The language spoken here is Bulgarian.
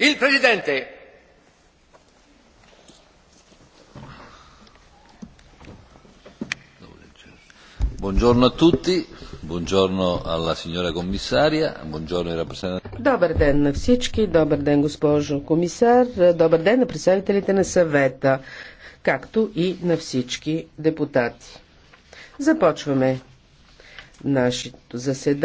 Il Presidente. Buongiorno a tutti, buongiorno alla signora commissaria, buongiorno ai rappresentanti. Добър ден на всички, добър ден госпожо комисар, добър ден на представителите на съвета, както и на всички депутати. Започваме нашето заседание.